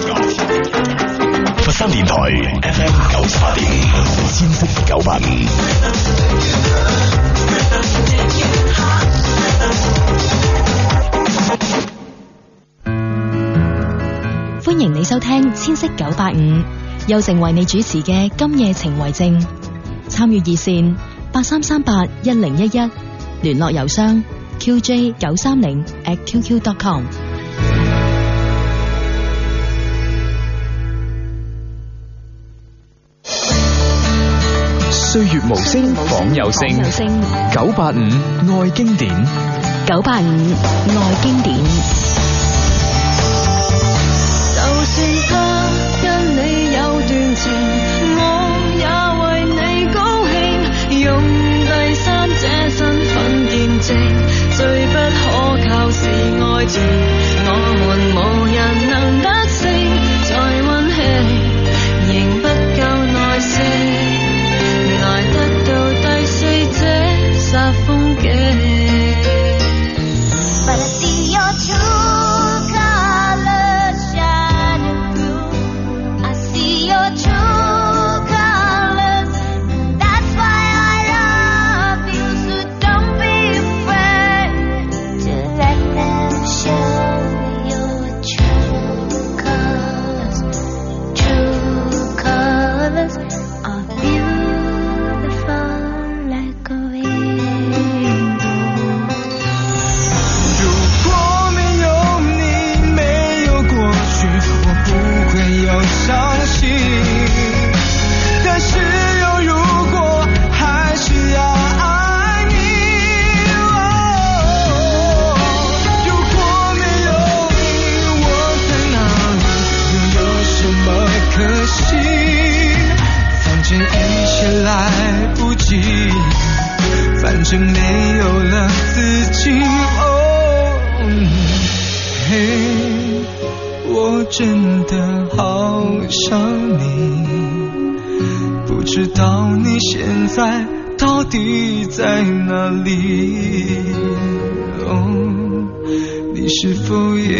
佛山電台 FM 九十八點五千色九八五，5，歡迎你收聽千色九八五，又成為你主持嘅今夜情為證。參與熱線八三三八一零一一，11，聯絡郵箱 qj 九三零 at qq dot com。歲月無聲，仿有聲。九八五愛經典，九八五愛經典。就算他跟你有段情，我也為你高興，用第三者身份見證，最不可靠是愛情，我們無人能得。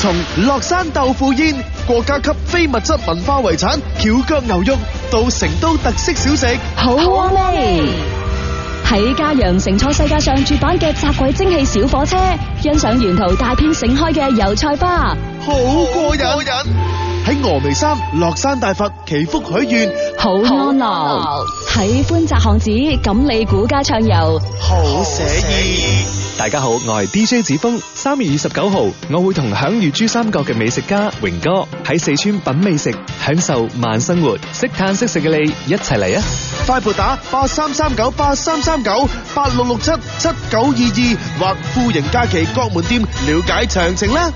從樂山豆腐宴國家級非物質文化遺產蹺腳牛肉到成都特色小食，好味美；喺嘉陽乘坐世界上絕版嘅窄軌蒸汽小火車，欣賞沿，沿途大片盛開嘅油菜花，好過癮；喺峨眉山樂山大佛祈福許願，好安美樂；喺寬窄巷子錦里古街暢遊，好寫意。大家好，我係 DJ 子峰，三月二十九號我會同享譽珠三角嘅美食家榮哥喺四川品美食，享受慢生活，識嘆識食嘅你一齊嚟啊！快撥打八三三九八三三九八六六七七九二二或富盈假期各門店了解詳情啦！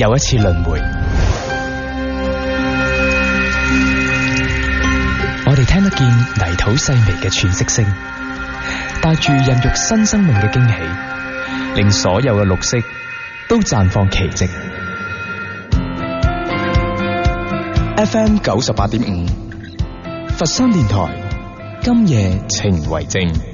又一次輪迴，我哋聽得見泥土細微嘅喘息聲，帶住孕育新生命嘅驚喜，令所有嘅綠色都綻放奇迹。FM 九十八點五，佛山電台，今夜情為證。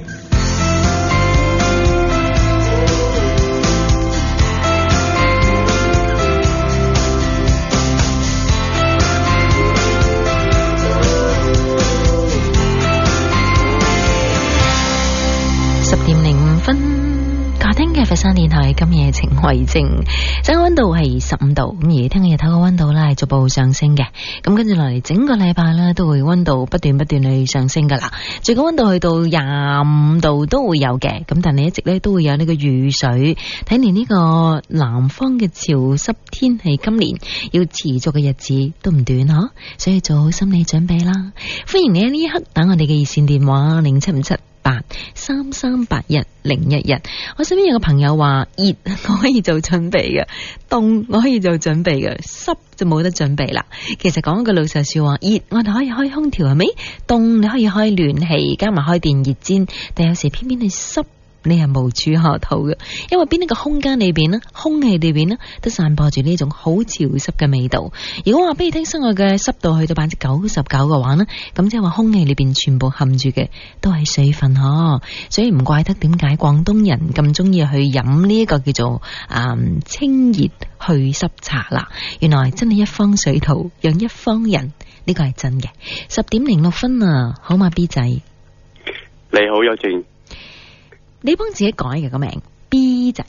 今夜情為證，整個温度係十五度。咁而聽日日頭個温度啦，係逐步上升嘅。咁跟住落嚟，整個禮拜啦，都會温度不斷不斷去上升噶啦。最高温度去到廿五度都會有嘅。咁但係一直咧都會有呢個雨水。睇嚟，呢個南方嘅潮濕天氣，今年要持續嘅日子都唔短嗬。所以做好心理準備啦。歡迎你喺呢一刻等我哋嘅熱線電話零七五七。八三三八日零一日，我身邊有個朋友話，熱我可以做準備嘅，凍我可以做準備嘅，濕就冇得準備啦。其實講個老實說話，熱我哋可以開空調係咪？凍你可以開暖氣，加埋開電熱氈，但有時偏偏係濕。你係無處可逃嘅，因為邊一個空間裏邊呢，空氣裏邊呢，都散播住呢一種好潮濕嘅味道。如果話俾你聽，室外嘅濕度去到百分之九十九嘅話呢，咁即係話空氣裏邊全部含住嘅都係水分呵，所以唔怪得點解廣東人咁中意去飲呢一個叫做、嗯、清熱去濕茶啦。原來真係一方水土養一方人，呢、這個係真嘅。十點零六分啊，好嗎 B 仔，你好有錢，有靜。你幫自己改嘅個名 B 仔，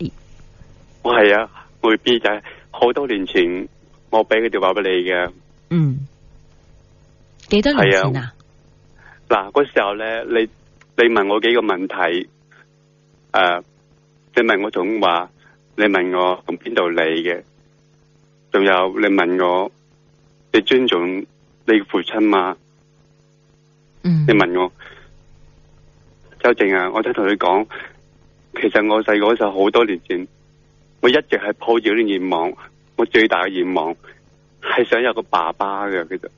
我係啊，我 B 仔好多年前我俾佢電話俾你嘅，嗯，幾多年前啊？嗱、啊，嗰時候咧，你你問我幾個問題，誒、呃，你問我總話，你問我從邊度嚟嘅，仲有你問我你尊重你父親嘛？嗯，你問我。周靜啊，我都同你講，其實我細個嗰時候好多年前，我一直係抱住嗰啲願望，我最大嘅願望係想有個爸爸嘅。其實，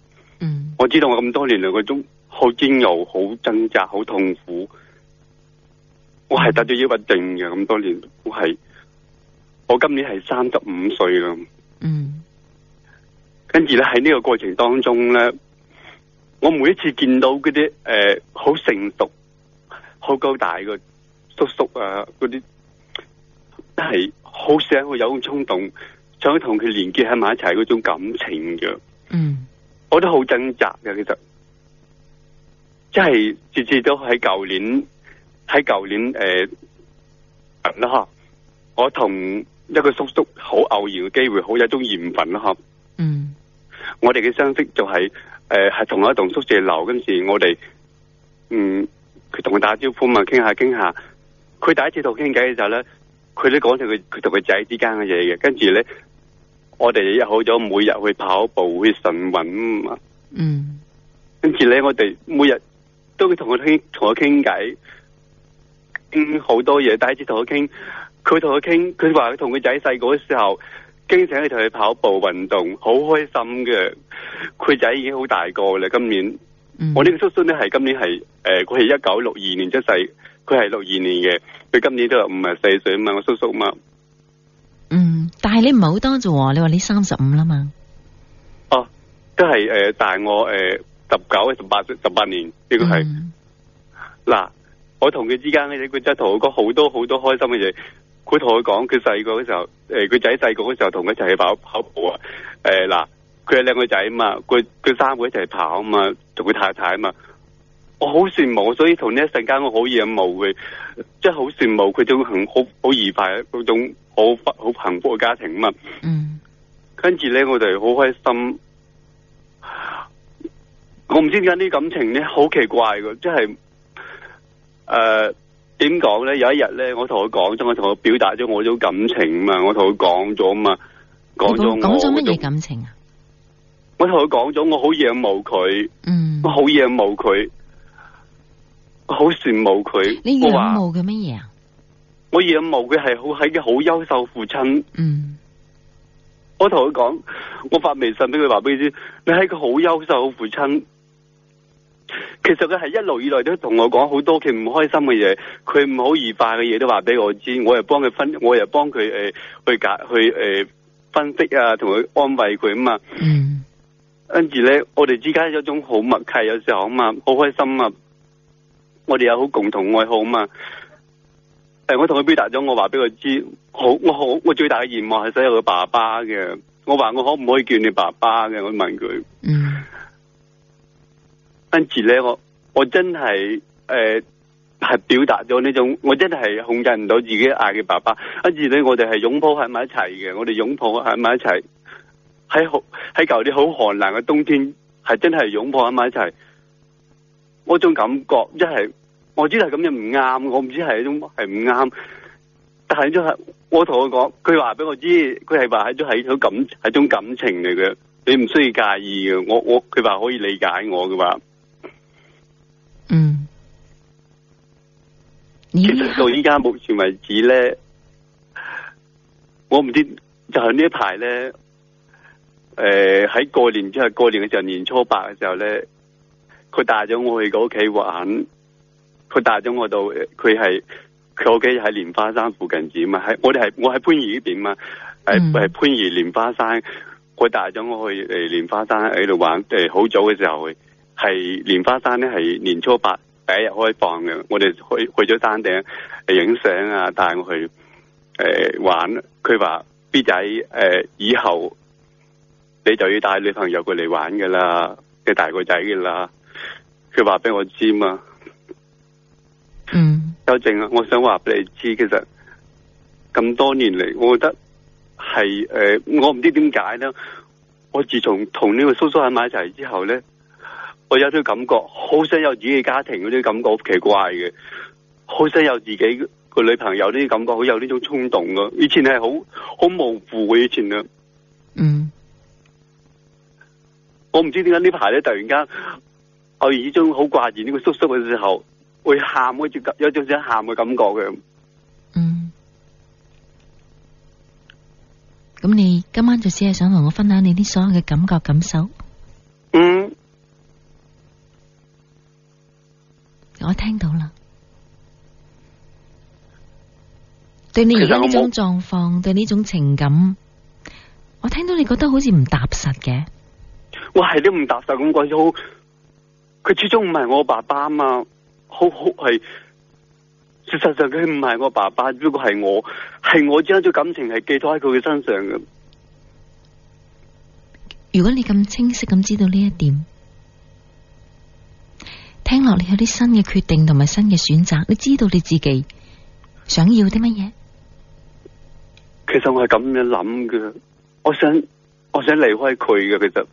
嗯，我知道我咁多年嚟，我都好煎熬、好掙扎、好痛苦，我係得咗抑鬱症嘅。咁、嗯、多年，我係我今年係三十五歲啦。嗯，跟住咧喺呢個過程當中咧，我每一次見到嗰啲誒好成熟。好高大個叔叔啊！嗰啲真係好想會有咁衝動，想同佢連結喺埋一齊嗰種感情嘅。嗯，我都好掙扎嘅，其實真係直至到喺舊年，喺舊年誒啦吓，我同一個叔叔好偶然嘅機會，好有一種緣分啦吓、呃嗯就是呃。嗯，我哋嘅相識就係誒係同一棟宿舍樓，跟住我哋嗯。佢同我打招呼嘛，傾下傾下。佢第一次同我傾偈嘅時候咧，佢都講咗佢佢同佢仔之間嘅嘢嘅。跟住咧，我哋約好咗，每日去跑步去晨運啊嘛。嗯。跟住咧，我哋每日都會同佢傾，同佢傾偈，傾、嗯、好多嘢。第一次同佢傾，佢同佢傾，佢話佢同佢仔細個嘅時候，經常去同佢跑步運動，好開心嘅。佢仔已經好大個啦，今年。我呢個叔叔咧係今年係誒，佢係一九六二年出世，佢係六二年嘅，佢今年都有五十四歲啊嘛，我叔叔嘛。嗯，但係你唔係好多咋、哦？你話你三十五啦嘛？哦、啊，都係誒，大、呃、我誒十九十八十八年，呢、這個係。嗱、嗯，我同佢之間咧，佢真係同我講好多好多開心嘅嘢。佢同我講，佢細個嗰時候，誒、呃，佢仔細個嗰時候同佢一齊去跑跑步啊。誒、呃，嗱，佢有兩個仔啊嘛，佢佢三個一齊跑啊嘛。同佢太太啊嘛，我好羨慕，所以同呢一瞬間我可以羨慕佢，即係好羨慕佢種好好好愉快嗰種好好幸福嘅家庭啊嘛。嗯，跟住咧我哋好開心，我唔知點解啲感情咧好奇怪嘅，即係誒，點講咧？有一日咧，我同佢講咗，我同佢表達咗我種感情啊嘛，我同佢講咗啊嘛，講咗講咗乜嘢感情啊？我同佢講咗，我好仰慕佢，我好仰慕佢，好羨慕佢。你仰慕佢乜嘢啊？麼我仰慕佢係好喺嘅好優秀父親。嗯。我同佢講，我發微信俾佢話俾佢知，你係一個好優秀嘅父親。其實佢係一路以來都同我講好多佢唔開心嘅嘢，佢唔好愉快嘅嘢都話俾我知，我又幫佢分，我又幫佢誒去解、呃、去誒、呃、分析啊，同佢安慰佢啊嘛。嗯。跟住咧，我哋之間有一種好默契，有時候啊嘛，好開心啊！我哋有好共同愛好啊嘛。誒、哎,我同佢表達咗，我話俾佢知，好，我好，我最大嘅願望係想有個爸爸嘅。我話我可唔可以叫你爸爸嘅？我問佢。嗯。跟住咧，我我真係誒係表達咗呢種，我真係控制唔到自己嗌，嘅爸爸。跟住咧，我哋係擁抱喺埋一齊嘅，我哋擁抱喺埋一齊。喺好喺舊啲好寒冷嘅冬天，係真係擁抱喺埋一齊，嗰種感覺，一係我知道係咁樣唔啱，我唔知係一種係唔啱，但係都係我同佢講，佢話俾我知，佢係話係都係一種感係種感情嚟嘅，你唔需要介意嘅。我我佢話可以理解我嘅話，嗯，其實到而家目前為止咧，我唔知就係呢一排咧。誒，喺、呃、過年之後，過年嘅時候年初八嘅時候咧，佢帶咗我去佢屋企玩。佢帶咗我到，佢係佢屋企喺蓮花山附近點啊？喺我哋係我喺番禺呢邊嘛，係係番禺蓮花山。佢帶咗我去誒蓮、呃、花山喺度玩。誒、呃，好早嘅時候係蓮花山咧，係年初八第一日開放嘅。我哋去去咗山頂影相啊，帶我去誒、呃、玩。佢話 B 仔誒、呃、以後。你就要帶女朋友過嚟玩噶啦，你大個仔噶啦，佢話俾我知嘛。嗯，邱靜啊，我想話俾你知，其實咁多年嚟，我覺得係誒、呃，我唔知點解咧。我自從同呢個叔叔喺埋一齊之後咧，我有啲感覺，好想有自己嘅家庭嗰啲感覺，好奇怪嘅，好想有自己個女朋友呢啲感覺，好有呢種衝動噶。以前係好好模糊嘅以前啊。我唔知點解呢排咧，突然間我耳中好掛住呢個叔叔嘅時候，會喊，好似有種想喊嘅感覺嘅。嗯，咁你今晚就只係想同我分享你啲所有嘅感覺感受？嗯，我聽到啦。對你，你而家呢種狀況，對呢種情感，我聽到你覺得好似唔踏實嘅。我係都唔踏實咁鬼好，佢始終唔係我爸爸啊嘛，好好係，事實上佢唔係我爸爸，只不過係我，係我將啲感情係寄託喺佢嘅身上嘅。如果你咁清晰咁知道呢一點，聽落你有啲新嘅決定同埋新嘅選擇，你知道你自己想要啲乜嘢？其實我係咁樣諗嘅，我想我想離開佢嘅，其實。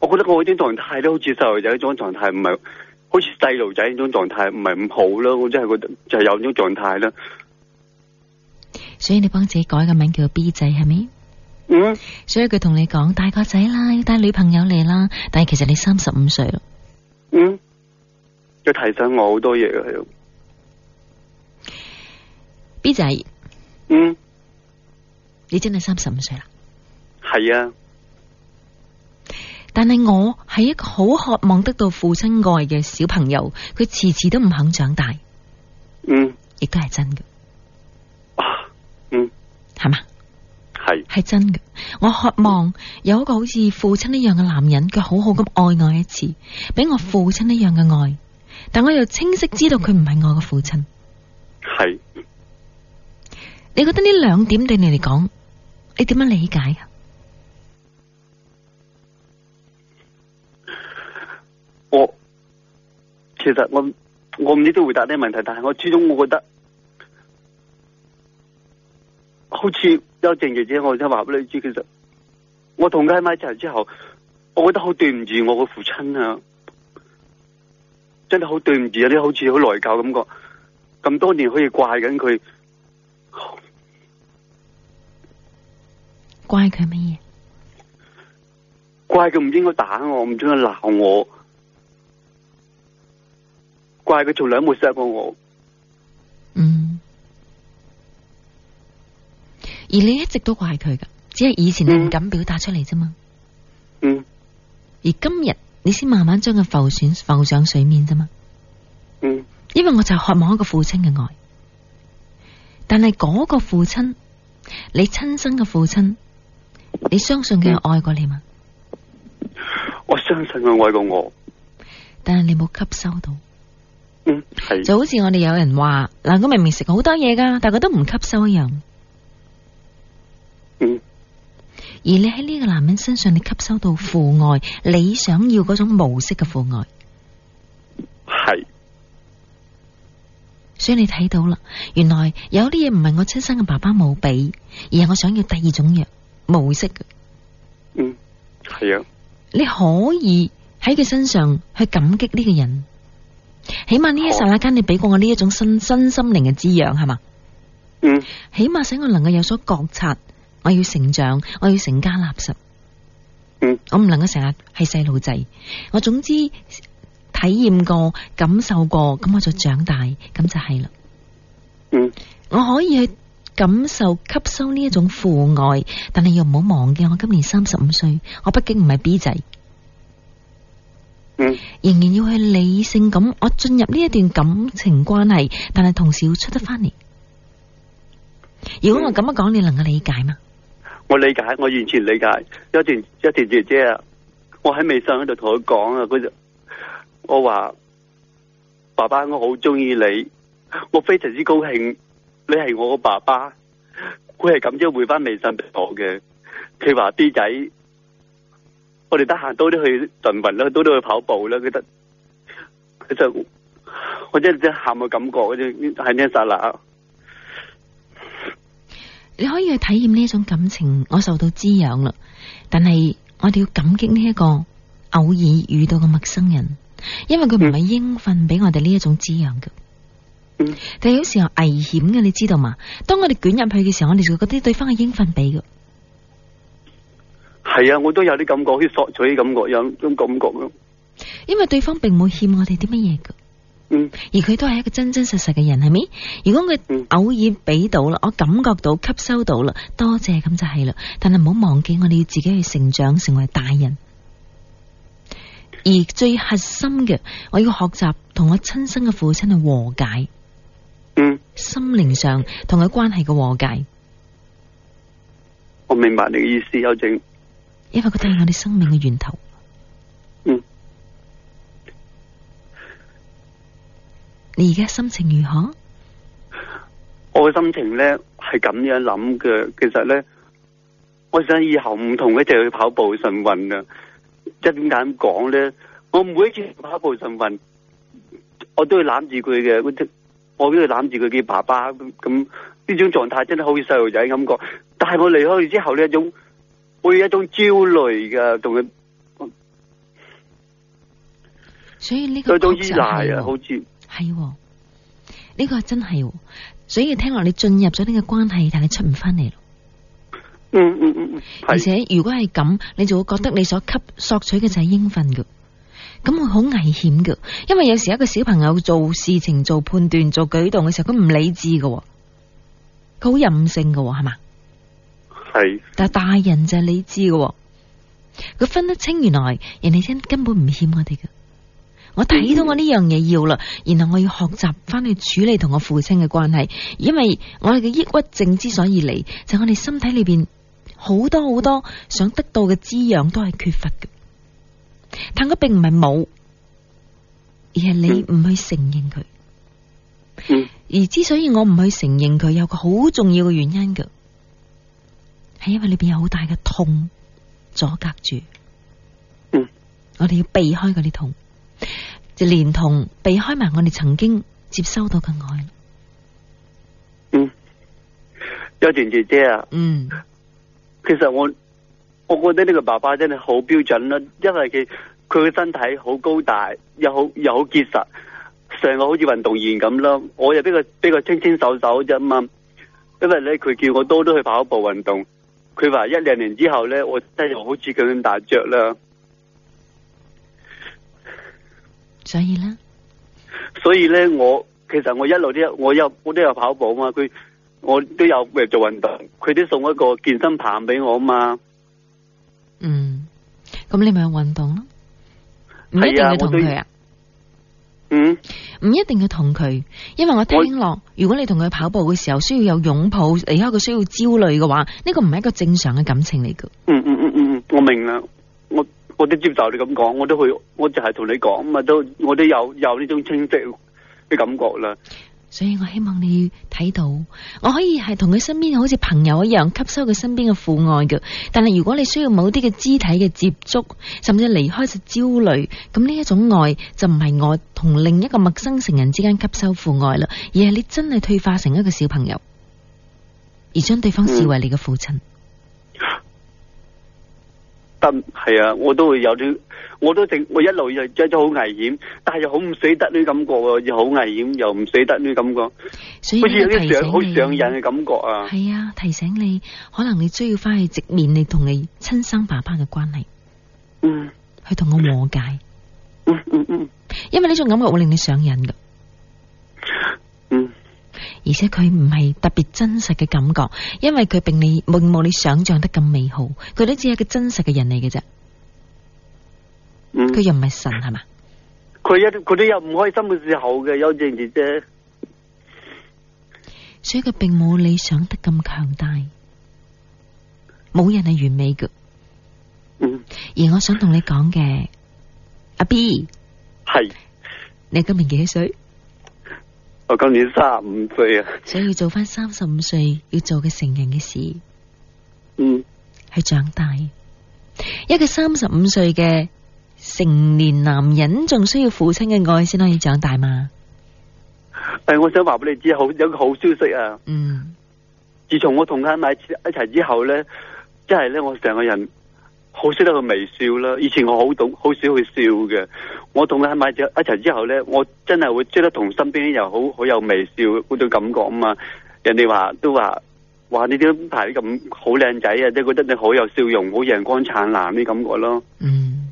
我覺得我嗰種狀態都好似細路仔嗰種狀態，唔係好似細路仔嗰種狀態，唔係咁好咯。我真係覺得就係有嗰種狀態啦。所以你幫自己改個名叫 B 仔係咪？嗯。所以佢同你講大個仔啦，要帶女朋友嚟啦，但係其實你三十五歲咯。嗯。佢提醒我好多嘢嘅，係。B 仔。嗯。你真係三十五歲啦。係啊。但係我係一個好渴望得到父親愛嘅小朋友，佢次次都唔肯長大。嗯，亦都係真嘅。啊，嗯，係嘛嗎？係係是真嘅。我渴望有一個好似父親一樣嘅男人，佢好好咁愛我一次，俾我父親一樣嘅愛。但我又清晰知道佢唔係我嘅父親。係是你覺得呢兩點對你嚟講，你點樣理解啊？其實我我唔知點回答呢個問題，但係我始終我覺得好似有靜姐姐，我真係話俾你知，其實我同佢喺埋一齊之後，我覺得好對唔住我個父親啊，真係好對唔住啊，有啲好似好內疚感覺，咁多年可以怪緊佢，哦、怪佢乜嘢？怪佢唔應該打我，唔應該鬧我。怪佢做兩沒錫過我，嗯。而你一直都怪佢㗎，只係以前你唔敢表達出嚟啫嘛。嗯。而今日你先慢慢將佢浮選浮上水面啫嘛。嗯。因為我就渴望一個父親嘅愛，但係嗰個父親，你親生嘅父親，你相信佢愛過你嗎？嗯、我相信佢愛過我。但係你冇吸收到。嗯，就好似我哋有人話嗱，佢明明食好多嘢噶，但係佢都唔吸收一樣。嗯，而你喺呢個男人身上，你吸收到父愛，你想要嗰種模式嘅父愛。係是，所以你睇到啦，原來有啲嘢唔係我親生嘅爸爸冇俾，而係我想要第二種藥模式嘅。嗯，係啊，你可以喺佢身上去感激呢個人。起碼呢一剎那間，你俾過我呢一種新新心靈嘅滋養，係嘛？嗯，起碼使我能夠有所覺察，我要成長，我要成家立室。嗯，我唔能夠成日係細路仔，我總之體驗過、感受過，咁我就長大，咁就係啦。嗯，我可以去感受、吸收呢一種父愛，但係又唔好忘記我，我今年三十五歲，我畢竟唔係 B 仔。嗯、仍然要去理性咁，我進入呢一段感情關係，但係同時要出得翻嚟。嗯、如果我咁樣講，你能夠理解嗎？我理解，我完全理解。一段一段姐姐啊，我喺微信嗰度同佢講啊，佢我話爸爸，我好中意你，我非常之高興，你係我嘅爸爸。佢係咁樣回翻微信俾我嘅，佢話啲仔。弟弟我哋得閒多啲去晨運啦，多啲去跑步啦。佢得，其實我真真喊個感覺，嗰只係呢一剎啦？你可以去體驗呢一種感情，我受到滋養啦。但係我哋要感激呢一個偶爾遇到嘅陌生人，因為佢唔係應份俾我哋呢一種滋養嘅。嗯。但係有時候危險嘅，你知道嘛？當我哋捲入去嘅時候，我哋就會覺得對方係應份俾嘅。係啊，我都有啲感覺，好似索取嘅感覺，有種感覺咯。因為對方並冇欠我哋啲乜嘢噶，嗯，而佢都係一個真真實實嘅人，係咪？如果佢偶爾俾到啦，我感覺到吸收到啦，多謝咁就係啦。但係唔好忘記，我哋要自己去成長，成為大人。而最核心嘅，我要學習同我親生嘅父親去和解，嗯，心靈上同佢關係嘅和解。我明白你嘅意思，有靜。因為佢都係我哋生命嘅源頭。嗯，你而家心情如何？我嘅心情咧係咁樣諗嘅。其實咧，我想以後唔同佢一齊去跑步晨運啦。即點解咁講咧？我每一次跑步晨運，我都會攬住佢嘅。我都會攬住佢嘅爸爸咁，咁呢種狀態，真係好似細路仔感覺。但係我離開咗之後呢，一種。會有一種焦慮噶，同佢，所以呢個都係一種依賴啊，好似係呢個真係、哦。所以聽落你進入咗呢個關係，但係出唔翻嚟咯。嗯嗯嗯，而且如果係咁，你就會覺得你所吸索取嘅就係應份噶，咁會好危險噶。因為有時一個小朋友做事情、做判斷、做舉動嘅時候，佢唔理智噶，佢好任性噶，係嘛？係，但大人就係理智嘅，佢分得清原來人哋真根本唔欠我哋嘅。我睇到我呢樣嘢要啦，然後我要學習翻去處理同我父親嘅關係，因為我哋嘅抑鬱症之所以嚟，就是、我哋身體裏邊好多好多想得到嘅滋養都係缺乏嘅。但佢並唔係冇，而係你唔去承認佢。而之所以我唔去承認佢，有個好重要嘅原因嘅。係因為裏邊有好大嘅痛阻隔住，嗯，我哋要避開嗰啲痛，就連同避開埋我哋曾經接收到嘅愛。嗯，邱健姐姐啊，嗯，其實我我覺得呢個爸爸真係好標準啦，因為佢佢嘅身體好高大，又好又好結實，成個好似運動員咁咯。我又比較比較清清瘦瘦啫嘛，因為咧佢叫我多多去跑步運動。佢話一兩年之後咧，我真係好似咁樣大隻啦。所以咧，所以咧，我其實我一路都，都有，我有我都有跑步啊嘛。佢我都有誒做運動。佢都送一個健身棒俾我啊嘛。嗯，咁你咪有運動咯，唔呀一定要同佢啊。嗯，唔一定要同佢，因為我聽落，我如果你同佢跑步嘅時候需要有擁抱，而家佢需要焦慮嘅話，呢、這個唔係一個正常嘅感情嚟嘅，嗯。嗯嗯嗯嗯，我明啦，我我都接受你咁講，我都去，我就係同你講，啊都我都我有有呢種清晰嘅感覺啦。所以我希望你睇到，我可以係同佢身邊好似朋友一樣吸收佢身邊嘅父愛嘅。但係如果你需要某啲嘅肢體嘅接觸，甚至離開就焦慮，咁呢一種愛就唔係我同另一個陌生成人之間吸收父愛啦，而係你真係退化成一個小朋友，而將對方視為你嘅父親。嗯得係啊！我都會有啲，我都整我一路又即係好危險，但係又好唔死得呢感覺啊，又好危險又唔死得呢感覺，好似啲上好上癮嘅感覺啊！係啊，提醒你，可能你需要翻去直面你同你親生爸爸嘅關係，嗯，去同我和解，嗯嗯嗯，嗯嗯嗯因為呢種感覺會令你上癮噶。而且佢唔係特別真實嘅感覺，因為佢並你並冇你想象得咁美好，佢都只係一個真實嘅人嚟嘅啫。佢、嗯、又唔係神係嘛？佢一佢都有唔開心嘅時候嘅，有陣姐姐，所以佢並冇你想得咁強大，冇人係完美嘅。嗯。而我想同你講嘅，阿 B 係是，你今年幾多歲？我今年三十五歲啊，所以要做翻三十五歲要做嘅成人嘅事，嗯，去長大。一個三十五歲嘅成年男人，仲需要父親嘅愛先可以長大嘛？誒、呃，我想話俾你知，好有個好消息啊！嗯，自從我同阿買一齊之後呢，即係呢，我成個人。好識得佢微笑啦。以前我好懂，好少去笑嘅。我同佢喺埋一齊之後呢，我真係會即得同身邊啲人好好有微笑嗰種感覺啊嘛。人哋話都話，話，你點排啲咁好靚仔啊，即係覺得你好有笑容，好陽光燦爛啲感覺咯。嗯，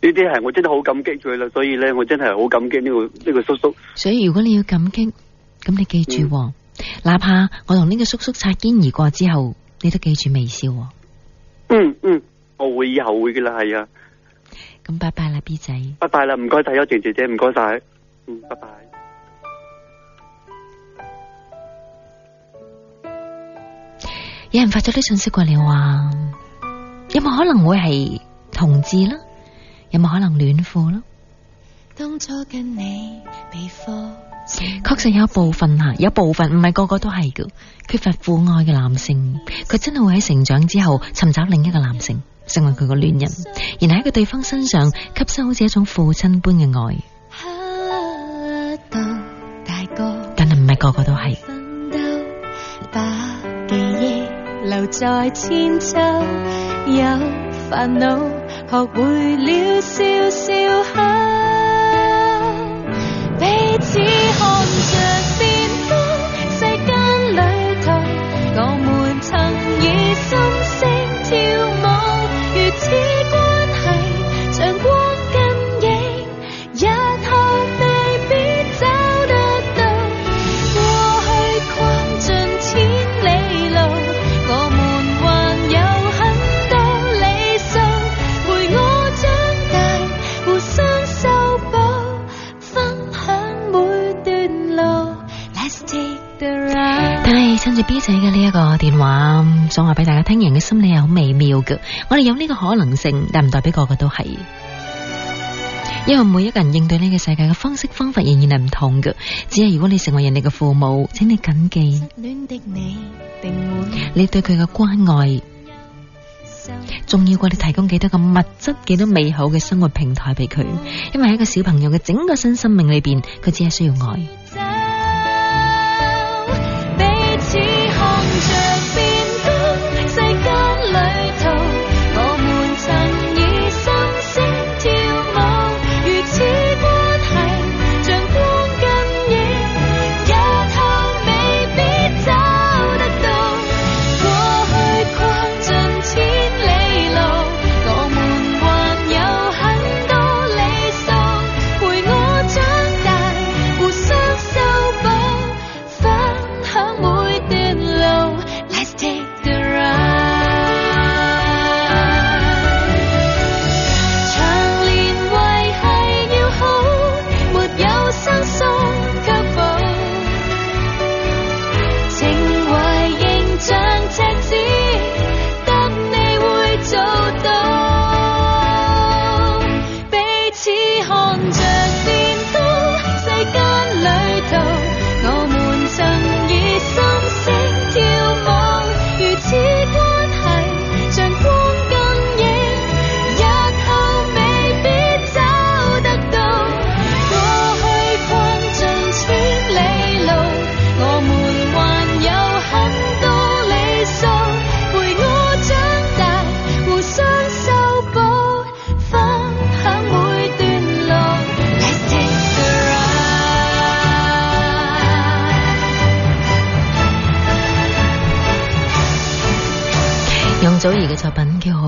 呢啲係我真係好感激佢啦。所以呢，我真係好感激呢、這個呢、這個叔叔。所以如果你要感激，咁你記住、哦，嗯、哪怕我同呢個叔叔擦肩而過之後，你都記住微笑、哦嗯。嗯嗯。我會以後會嘅啦，係啊。咁拜拜啦，B 仔。拜拜啦，唔該晒邱靜姐姐，唔該晒。嗯，拜拜。有人發咗啲信息過嚟話：有冇可能會係同志啦？有冇可能戀父咯？當初跟你被科。確實有一部分啊，有一部分唔係個個都係嘅。缺乏父愛嘅男性，佢真係會喺成長之後尋找另一個男性成為佢個戀人，然後喺個對方身上吸收好似一種父親般嘅愛。但係唔係個個都係。我哋有呢個可能性，但唔代表個個都係，因為每一個人應對呢個世界嘅方式方法仍然係唔同嘅。只係如果你成為人哋嘅父母，請你謹記，失戀的你，定會你對佢嘅關愛，仲要過你提供幾多個物質、幾多美好嘅生活平台俾佢。因為喺一個小朋友嘅整個新生命裏邊，佢只係需要愛。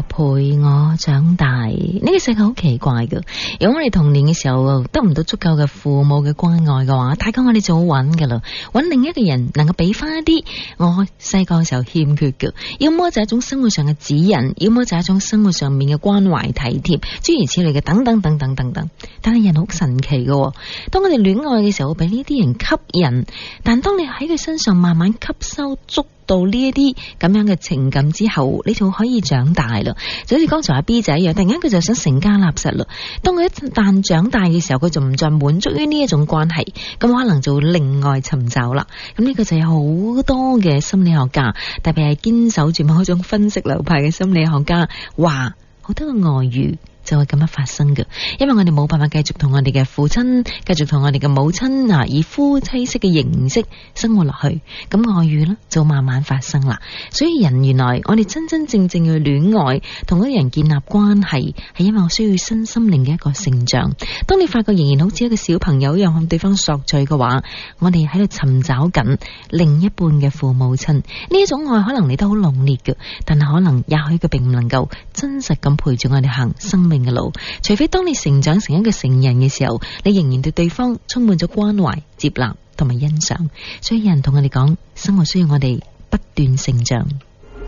陪我長大，呢個世界好奇怪噶。如果我哋童年嘅時候得唔到足夠嘅父母嘅關愛嘅話，大概我哋就好揾噶啦，揾另一個人能夠俾翻一啲我細個嘅時候欠缺嘅，要麼就一種生活上嘅指引，要麼就一種生活上面嘅關懷體貼，諸如此類嘅等等等等等等。但係人好神奇嘅，當我哋戀愛嘅時候，會俾呢啲人吸引，但係當你喺佢身上慢慢吸收足。到呢一啲咁樣嘅情感之後，你仲可以長大咯，就好似剛才阿 B 仔一樣，突然間佢就想成家立室咯。當佢一旦長大嘅時候，佢就唔再滿足於呢一種關係，咁可能就另外尋找啦。咁呢個就有好多嘅心理學家，特別係堅守住某一種分析流派嘅心理學家，話好多嘅外遇。就會咁樣發生嘅，因為我哋冇辦法繼續同我哋嘅父親，繼續同我哋嘅母親嗱，以夫妻式嘅形式生活落去，咁外遇呢就慢慢發生啦。所以人原來我哋真真正正嘅戀愛，同一個人建立關係，係因為我需要身心靈嘅一個成長。當你發覺仍然好似一個小朋友一樣向對方索取嘅話，我哋喺度尋找緊另一半嘅父母親。呢一種愛可能你都好濃烈嘅，但係可能，也許佢並唔能夠真實咁陪住我哋行生嘅路，除非當你成長成一個成人嘅時候，你仍然對對方充滿咗關懷、接納同埋欣賞。所以有人同我哋講，生活需要我哋不斷成長。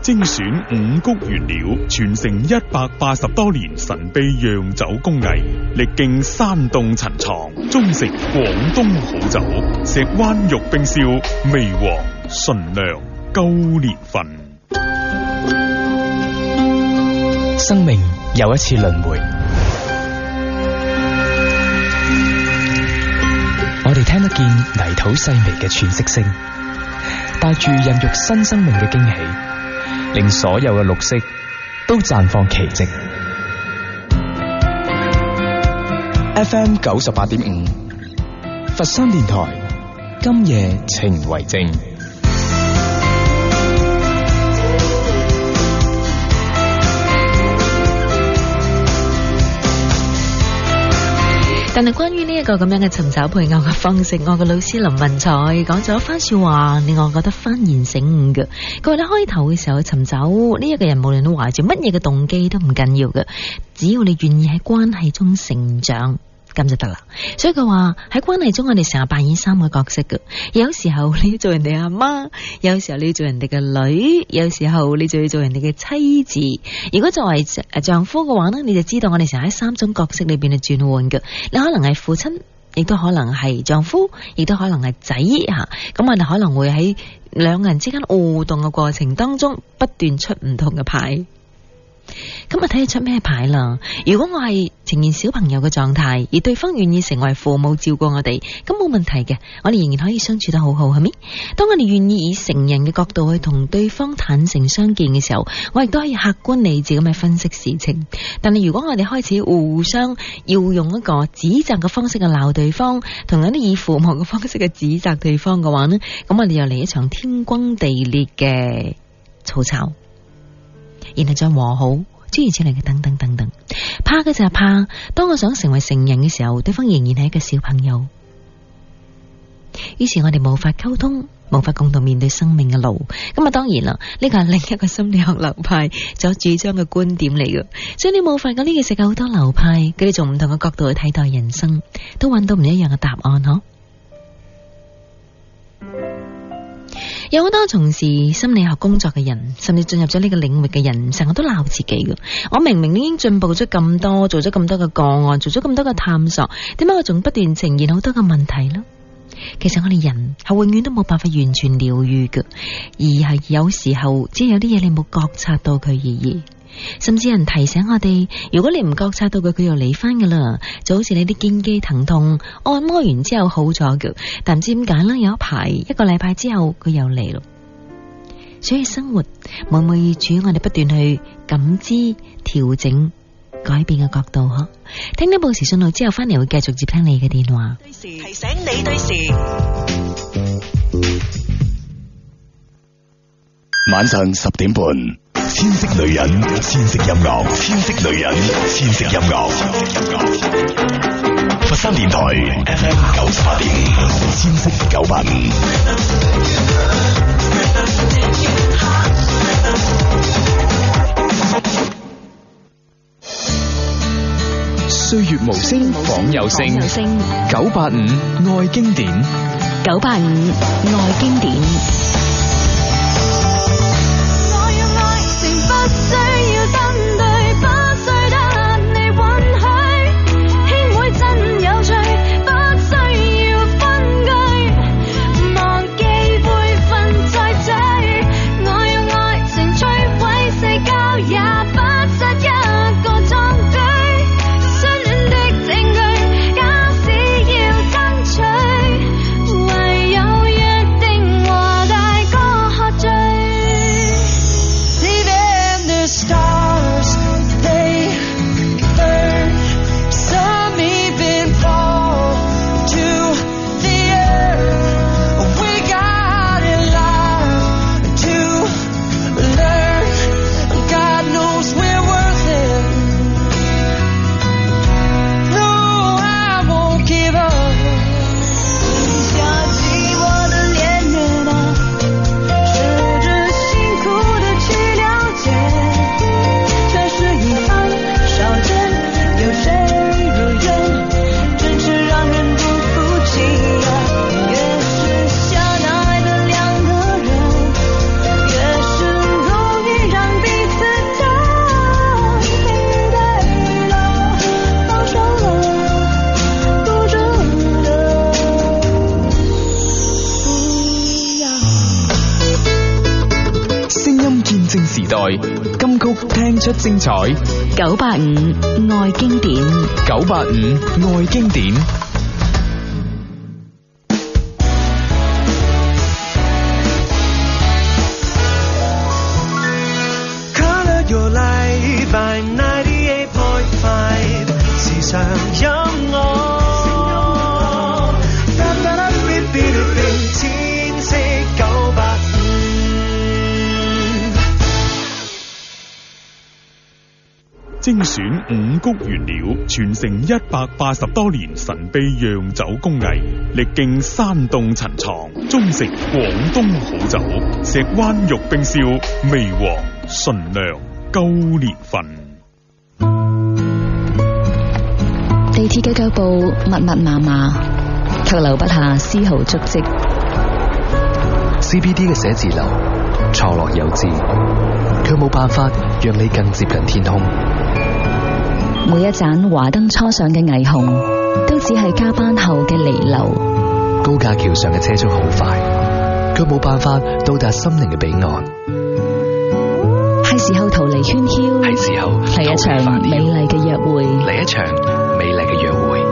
精選五穀原料，傳承一百八十多年神秘釀酒工藝，歷經山洞陳藏，終成廣東好酒。石灣玉冰燒，味皇醇釀，高年份。生命。又一次輪迴，我哋聽得見泥土細微嘅喘息聲，帶住孕育新生命嘅驚喜，令所有嘅綠色都綻放奇蹟。FM 九十八點五，佛山電台，今夜情為證。但係關於呢一個咁樣嘅尋找配偶嘅方式，我嘅老師林文采講咗番說話，令我覺得幡然醒悟嘅。佢話咧開頭嘅時候尋找呢一個人無論都懷都，無論你懷着乜嘢嘅動機都唔緊要，只要你願意喺關係中成長。咁就得啦，所以佢話喺關係中，我哋成日扮演三個角色噶，有時候你要做人哋阿媽，有時候你要做人哋嘅女，有時候你就要做人哋嘅妻子。如果作為丈夫嘅話呢，你就知道我哋成日喺三種角色裏邊嚟轉換嘅，你可能係父親，亦都可能係丈夫，亦都可能係仔吓。咁我哋可能會喺兩個人之間互動嘅過程當中，不斷出唔同嘅牌。咁啊睇下出咩牌啦！如果我係呈現小朋友嘅狀態，而對方願意成為父母照顧我哋，咁冇問題嘅，我哋仍然可以相處得好好，係咪？當我哋願意以成人嘅角度去同對方坦誠相見嘅時候，我亦都可以客觀理智咁去分析事情。但係如果我哋開始互相要用一個指責嘅方式去鬧對方，同樣啲以父母嘅方式去指責對方嘅話呢，咁我哋又嚟一場天崩地裂嘅嘈吵。然後再和好，諸如此類嘅等等等等，怕嘅就係怕，當我想成為成人嘅時候，對方仍然係一個小朋友，於是我哋無法溝通，無法共同面對生命嘅路。咁啊，當然啦，呢個係另一個心理學流派所主張嘅觀點嚟嘅。所以你冇發覺呢個世界好多流派，佢哋從唔同嘅角度去睇待人生，都揾到唔一樣嘅答案嗬。有好多從事心理學工作嘅人，甚至進入咗呢個領域嘅人，成日都鬧自己嘅。我明明已經進步咗咁多，做咗咁多嘅個案，做咗咁多嘅探索，點解我仲不斷呈現好多嘅問題呢？其實我哋人係永遠都冇辦法完全療愈嘅，而係有時候，只係有啲嘢，你冇覺察到佢而已。甚至有人提醒我哋，如果你唔覺察到佢，佢又嚟翻噶啦，就好似你啲肩肌肌疼痛，按摩完之後好咗嘅，但唔知點解啦，有一排一個禮拜之後，佢又嚟咯。所以生活往往處於我哋不斷去感知、調整、改變嘅角度嗬。聽到報時訊號之後，翻嚟會繼續接聽你嘅電話。提醒你對時，晚上十點半。千色女人，千色音樂，千色女人，千色音樂。千色音樂。佛山電台 FM 九八點五，千色九八五。歲月無聲，仿有聲有聲。九八五愛經典，九八五愛經典。需要得。正時代，金曲聽出精彩。九八五愛經典，九八五愛經典。精選五穀原料，傳承一百八十多年神秘釀酒工藝，歷經山洞陳藏，終成廣東好酒。石灣玉冰燒，微黃醇良，高年份。地鐵嘅腳步密密麻麻，卻留不下絲毫足跡。CBD 嘅寫字樓錯落有致，卻冇辦法讓你更接近天空。每一盞華燈初上嘅霓虹，都只係加班後嘅彌留。高架橋上嘅車速好快，佢冇辦法到達心靈嘅彼岸。係時候逃離喧囂，係時候嚟一場美麗嘅約會，嚟一場美麗嘅約會。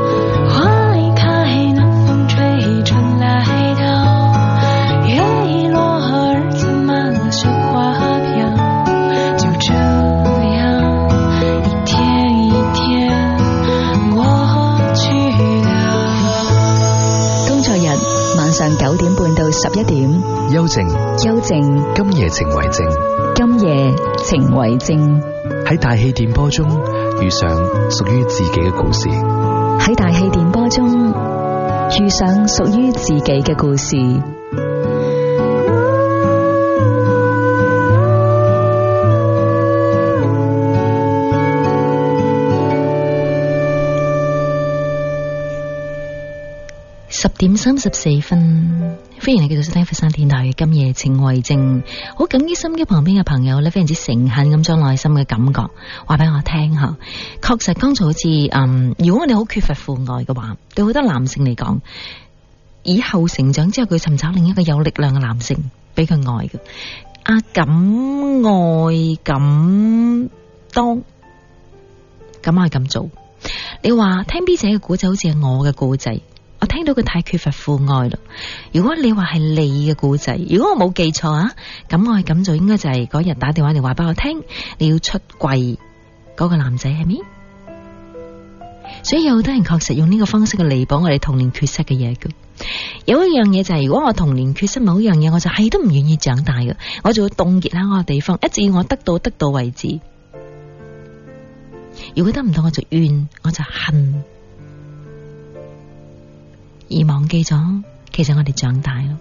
九點半到十一點，幽靜靜，幽靜靜，今夜情為證，今夜情為證。喺大氣電波中遇上屬於自己嘅故事。喺大氣電波中遇上屬於自己嘅故事。十點三十四分。歡迎你繼續收聽佛山電台嘅今夜情為證。好感激心機旁邊嘅朋友咧，非常之誠懇咁將內心嘅感覺話俾我聽吓。確實剛才好似，嗯，如果我哋好缺乏父愛嘅話，對好多男性嚟講，以後成長之後佢尋找另一個有力量嘅男性俾佢愛嘅。啊，敢愛敢當，敢愛敢做。你話聽 B 姐嘅故仔好似係我嘅故仔。我聽到佢太缺乏父愛咯。如果你話係你嘅故仔，如果我冇記錯啊，咁我係咁做，應該就係嗰日打電話嚟話俾我聽，你要出櫃嗰個男仔係咪？所以有好多人確實用呢個方式去彌補我哋童年缺失嘅嘢嘅。有一樣嘢就係，如果我童年缺失某一樣嘢，我就係都唔願意長大嘅，我就會凍結喺我個地方，一直要我得到得到為止。如果得唔到，我就怨，我就恨。而忘記咗，其實我哋長大咯。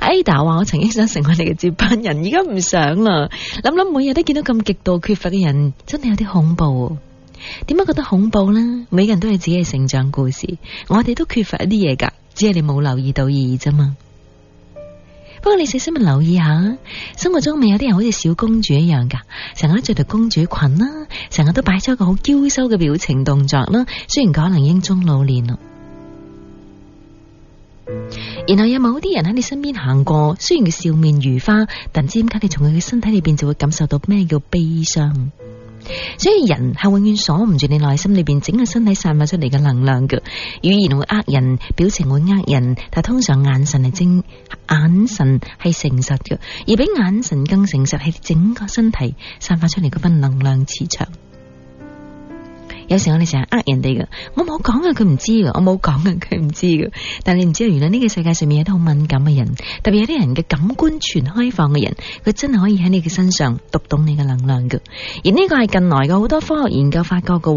Ada 話我曾經想成為你嘅接班人，而家唔想啦。諗諗每日都見到咁極度缺乏嘅人，真係有啲恐怖。點解覺得恐怖呢？每個人都有自己嘅成長故事，我哋都缺乏一啲嘢噶，只係你冇留意到意義而已啫嘛。不過你細心咪留意下，生活中咪有啲人好似小公主一樣噶，成日着條公主裙啦，成日都擺出一個好嬌羞嘅表情動作啦。雖然可能英中老年，然後有某啲人喺你身邊行過，雖然佢笑面如花，但唔知點解你從佢嘅身體裏邊就會感受到咩叫悲傷？所以人係永遠鎖唔住你內心裏邊整個身體散發出嚟嘅能量嘅，語言會呃人，表情會呃人，但通常眼神係精，眼神係誠實嘅，而比眼神更誠實係整個身體散發出嚟嗰份能量磁場。有時我哋成日呃人哋噶，我冇講啊，佢唔知噶，我冇講啊，佢唔知噶。但係你唔知道，原來呢個世界上面有啲好敏感嘅人，特別有啲人嘅感官全開放嘅人，佢真係可以喺你嘅身上讀懂你嘅能量噶。而呢個係近來嘅好多科學研究發覺噶，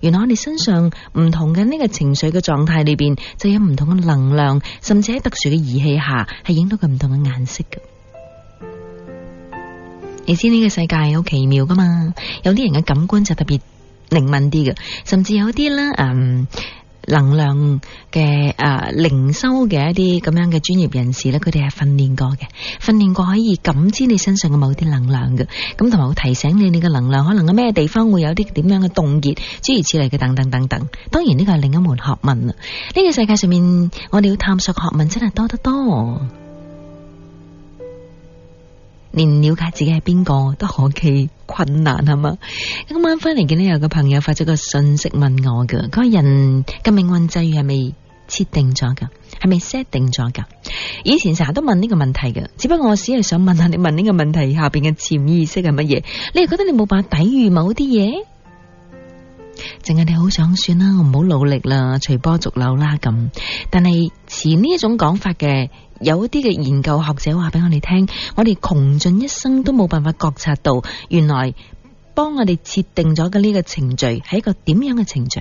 原來我哋身上唔同嘅呢個情緒嘅狀態裏邊，就有唔同嘅能量，甚至喺特殊嘅儀器下係影到佢唔同嘅顏色噶。你知呢個世界好奇妙噶嘛？有啲人嘅感官就特別。靈敏啲嘅，甚至有啲咧，嗯，能量嘅，誒、呃，靈修嘅一啲咁樣嘅專業人士咧，佢哋係訓練過嘅，訓練過可以感知你身上嘅某啲能量嘅，咁同埋會提醒你，你嘅能量可能喺咩地方會有啲點樣嘅凍結，諸如此類嘅，等等等等。當然呢個係另一門學問啦，呢、這個世界上面我哋要探索學問真係多得多。連了解自己係邊個都可其困難係嘛？今晚翻嚟見到有個朋友發咗個信息問我噶，嗰個人嘅命運際遇係咪設定咗噶？係咪 set 定咗噶？以前成日都問呢個問題嘅，只不過我只係想問下你問呢個問題下邊嘅潛意識係乜嘢？你係覺得你冇辦法抵禦某啲嘢？淨係你好想算啦，我唔好努力啦，隨波逐流啦咁。但係持呢一種講法嘅，有一啲嘅研究學者話俾我哋聽，我哋窮盡一生都冇辦法覺察到，原來幫我哋設定咗嘅呢個程序係一個點樣嘅程序。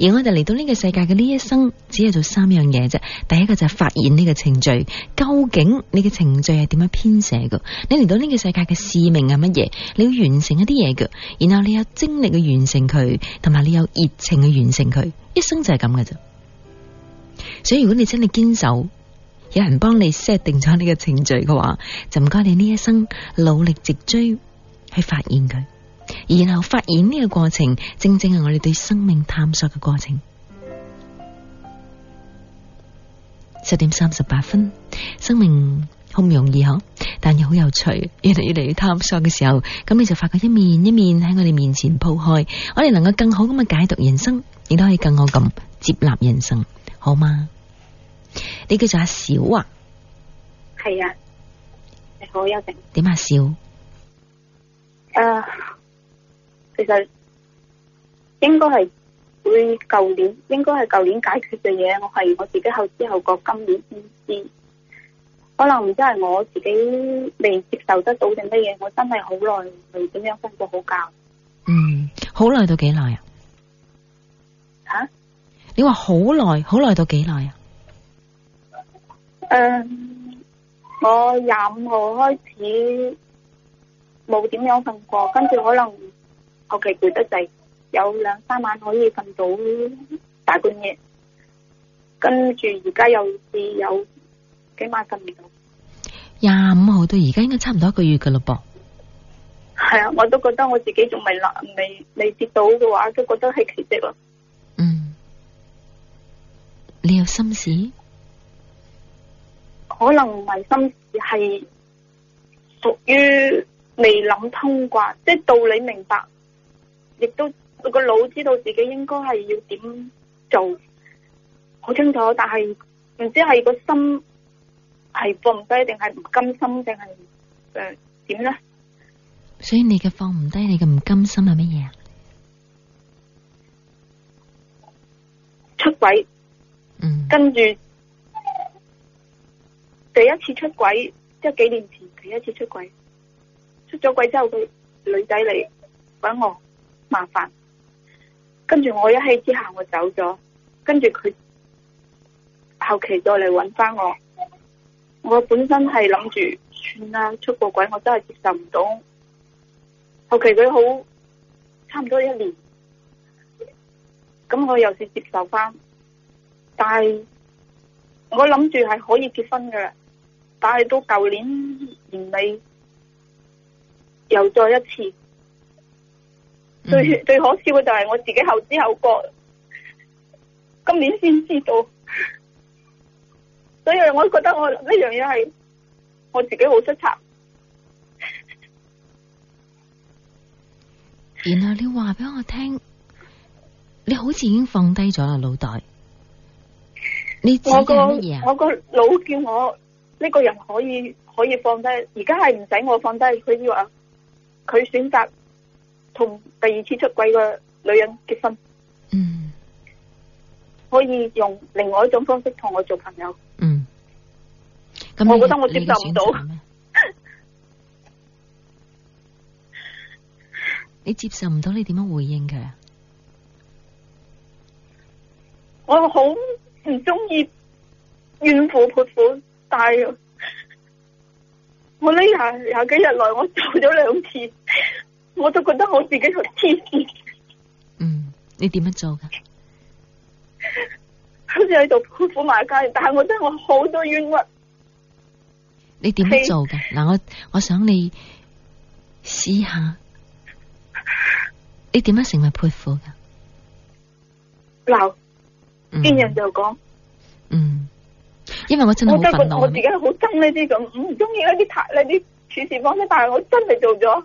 而我哋嚟到呢個世界嘅呢一生，只係做三樣嘢啫。第一個就係發現呢個程序，究竟你嘅程序係點樣編寫嘅？你嚟到呢個世界嘅使命係乜嘢？你要完成一啲嘢嘅，然後你有精力去完成佢，同埋你有熱情去完成佢，一生就係咁嘅啫。所以如果你真係堅守，有人幫你 set 定咗呢個程序嘅話，就唔該你呢一生努力直追去發現佢。然後發現呢個過程，正正係我哋對生命探索嘅過程。十點三十八分，生命好唔容易嗬，但又好有趣，越嚟越嚟越，越探索嘅時候，咁你就發覺一面一面喺我哋面前鋪開，我哋能夠更好咁嘅解讀人生，亦都可以更好咁接納人生，好嗎？你叫做阿小啊？係啊，你好，邱靜。點啊，小？啊、uh。其實應該係會舊年，應該係舊年解決嘅嘢。我係我自己後知後覺今年先知，可能唔知係我自己未接受得到定乜嘢，我真係好耐未點樣瞓過好覺。嗯，好耐到幾耐啊？吓、啊？你話好耐，好耐到幾耐啊？嗯，我廿五號開始冇點樣瞓過，跟住可能。我屋企攰得滯，有兩三晚可以瞓到大半夜，跟住而家又至有幾晚瞓唔到。廿五號到而家應該差唔多一個月噶嘞噃。係啊，我都覺得我自己仲未未未跌到嘅話，都覺得係奇蹟咯。嗯，你有心事？可能唔係心事，係屬於未諗通啩，即係道理明白。亦都個個腦知道自己應該係要點做，好清楚，但係唔知係個心係放唔低，定係唔甘心，定係誒點咧？所以你嘅放唔低，你嘅唔甘心係乜嘢啊？出軌，嗯，跟住第一次出軌，即係幾年前第一次出軌，出咗軌之後，佢女仔嚟揾我。麻煩，跟住我一氣之下我走咗，跟住佢後期再嚟搵翻我，我本身係諗住算啦，出過軌我真係接受唔到，後期佢好差唔多一年，咁我又是接受翻，但係我諗住係可以結婚嘅，但係到舊年年尾又再一次。最、嗯、最可笑嘅就係我自己後知後覺，今年先知道， 所以我覺得我呢樣嘢係我自己好失策。然 後你話俾我聽，你好似已經放低咗啦腦袋，你知嘅我個腦叫我呢、呢個人可以可以放低，而家係唔使我放低，佢要話佢選擇。同第二次出軌嘅女人結婚，嗯，可以用另外一種方式同我做朋友，嗯，咁我覺得我接受唔到，你， 你接受唔到你點樣回應佢啊？我好唔中意怨婦潑婦，但係我呢下廿幾日來，我做咗兩次。我都覺得我自己好痴線。嗯，你點樣做噶？ 好似喺度潑婦罵街，但係我真係好多冤屈。你點樣做噶？嗱是，我我想你試下。你點樣成為潑婦噶？鬧，見人就講、嗯。嗯，因為我真係好憤我，我自己好憎呢啲咁，唔中意呢啲太呢啲處事方式，但係我真係做咗。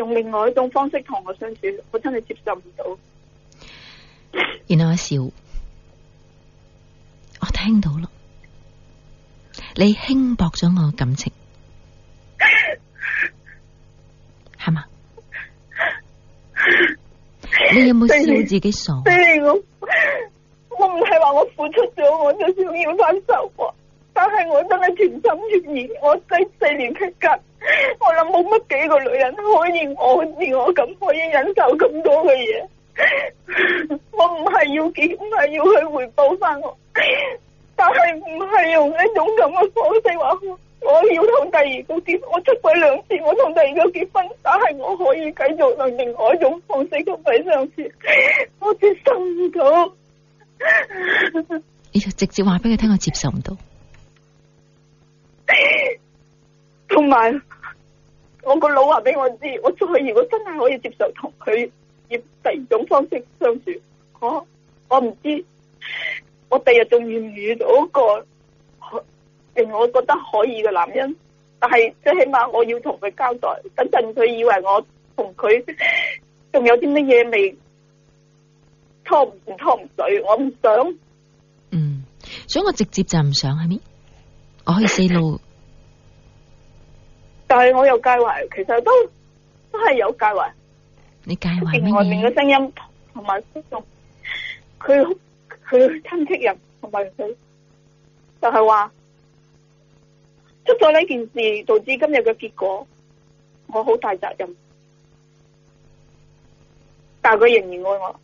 用另外一種方式同我相處，我真係接受唔到。然後我笑，我聽到咯，你輕薄咗我嘅感情，係嘛？你有冇笑自己傻？己己我，我唔係話我付出咗，我就想要翻手，啊。但係我真係全心全意，我四四年期間，我諗冇乜幾個女人可以我好似我咁可以忍受咁多嘅嘢。我唔係要結，唔係要去回報翻我，但係唔係用一種咁嘅方式話。我要同第二個結婚，我出軌兩次，我同第二個結婚，但係我可以繼續另外一種方式都俾上次，我接受唔到。你就直接話俾佢聽，我接受唔到。同埋我個腦話俾我知，我再如果真係可以接受同佢以第二種方式相處，我我唔知我第日仲要唔遇到一個令我覺得可以嘅男人，但係最起碼我要同佢交代，等陣佢以為我同佢仲有啲乜嘢未拖唔住拖唔對，我唔想。嗯，所以我直接就唔想，係咪？可以四路， 但係我有介懷，其實都都係有介懷。你介懷咩？外面嘅聲音同埋仲佢佢親戚人同埋佢，就係話出咗呢件事，導致今日嘅結果，我好大責任。但係佢仍然愛我。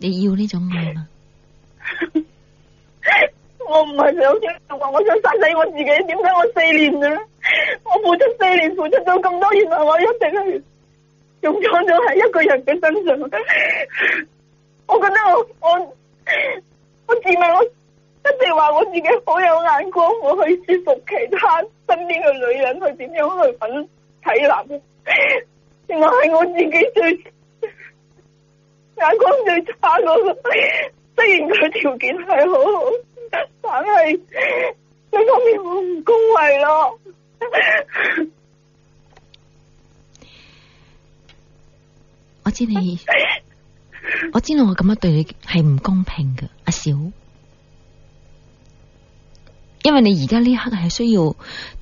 你要呢種愛嗎？ 我唔係想聽，話我想殺死我自己。點解我四年咧？我付出四年，付出咗咁多，原來我一直係用錯咗喺一個人嘅身上。我覺得我我我自問我一直話我自己好有眼光，我去說服其他身邊嘅女人去點樣去揾睇男嘅，原來係我自己最眼光最差嗰個。雖然佢條件係好好。 但係你方面我唔公平咯，我知你，我知道我咁樣對你係唔公平嘅，阿、啊、小，因為你而家呢刻係需要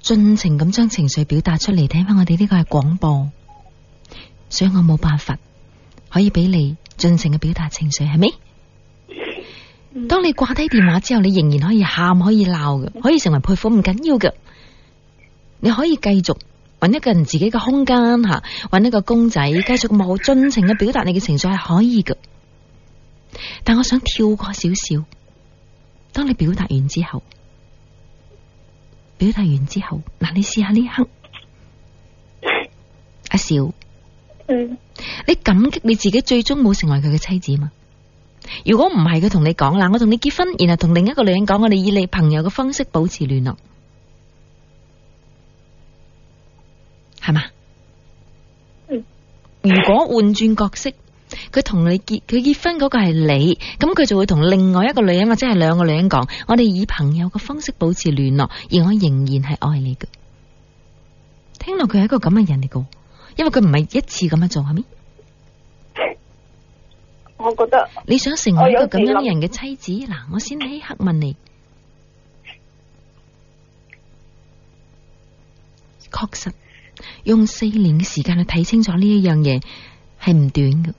盡情咁將情緒表達出嚟，睇翻我哋呢個係廣播，所以我冇辦法可以俾你盡情嘅表達情緒，係咪？當你掛低電話之後，你仍然可以喊，可以鬧嘅，可以成為配火唔緊要嘅。你可以繼續揾一個人自己嘅空間吓，揾一個公仔繼續冇盡情嘅表達你嘅情緒係可以嘅。但我想跳過少少，當你表達完之後，表達完之後，嗱你試下呢刻，阿、啊、兆，你感激你自己最終冇成為佢嘅妻子嘛？如果唔係佢同你講啦，我同你結婚，然後同另一個女人講，我哋以你朋友嘅方式保持聯絡，係嘛？嗯，如果換轉角色，佢同你結，佢結婚嗰個係你，咁佢就會同另外一個女人或者係兩個女人講，我哋以朋友嘅方式保持聯絡，而我仍然係愛你嘅。聽落佢係一個咁嘅人嚟嘅，因為佢唔係一次咁樣做，係咪？我覺得你想成為一個咁樣嘅人嘅妻子嗱，我先喺刻問你，確實用四年嘅時間去睇清楚呢一樣嘢係唔短嘅，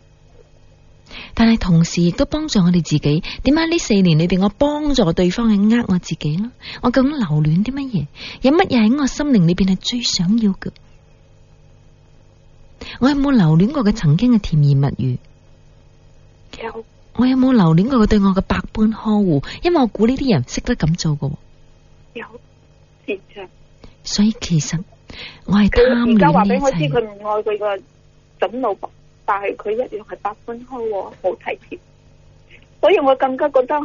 但係同時亦都幫助我哋自己。點解呢四年裏邊我幫助對方去呃我自己咯？我究竟留戀啲乜嘢？有乜嘢喺我心靈裏邊係最想要嘅？我有冇留戀過嘅曾經嘅甜言蜜語？有，我有冇留戀過佢對我嘅百般呵護？因為我估呢啲人識得咁做嘅。有，所以其實我係貪戀呢，佢而家話俾我知，佢唔愛佢個準老婆，但係佢一樣係百般呵護，好體貼。所以我更加覺得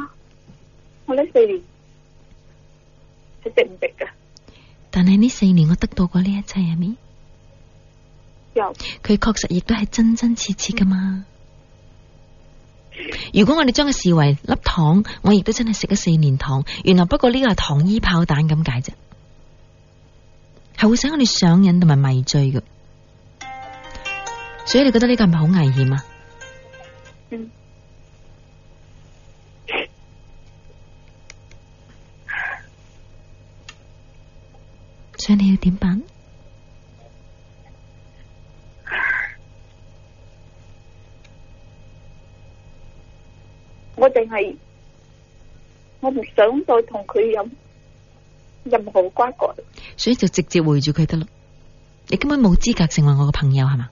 我呢四年係值唔值嘅？吃吃但係呢四年我得到過呢一切係咪？有，佢確實亦都係真真切切噶嘛。如果我哋將佢視為粒糖，我亦都真係食咗四年糖。原來不過呢個係糖衣炮彈咁解啫，係會使我哋上癮同埋迷醉㗎。所以你覺得呢個係咪好危險啊？嗯、 所以你要點辦？我淨係，我唔想再同佢有任何瓜葛，所以就直接回住佢得啦。你根本冇資格成為我嘅朋友，係嘛？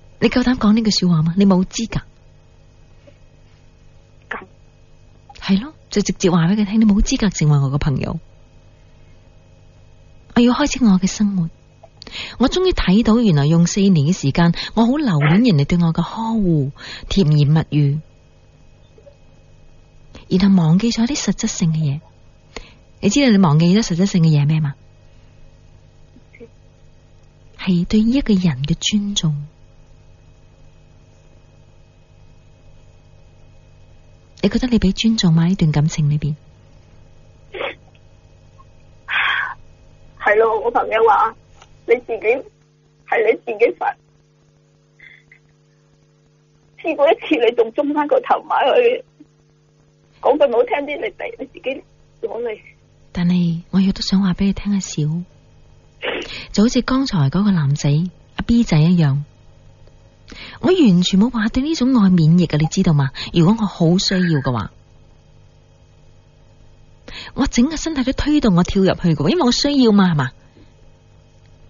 你夠膽講呢句說話嗎？你冇資格？咁係咯，就直接話俾佢聽，你冇資格成為我嘅朋友。我要開始我嘅生活。我終於睇到，原來用四年嘅時間，我好留戀人哋對我嘅呵護、甜言蜜語，然後忘記咗啲實質性嘅嘢。你知道你忘記咗實質性嘅嘢係咩嘛？係對一個人嘅尊重。你覺得你俾尊重嗎？呢段感情裏邊，係咯，我朋友話。你自己係你自己發，試過一次你仲中翻個頭埋去，講句唔好聽啲，你第你自己攞嚟。但係我亦都想話俾你聽下事，就好似剛才嗰個男仔阿 B 仔一樣，我完全冇話對呢種愛免疫嘅啊，你知道嘛？如果我好需要嘅話，我整個身體都推動我跳入去嘅，因為我需要嘛，係嘛？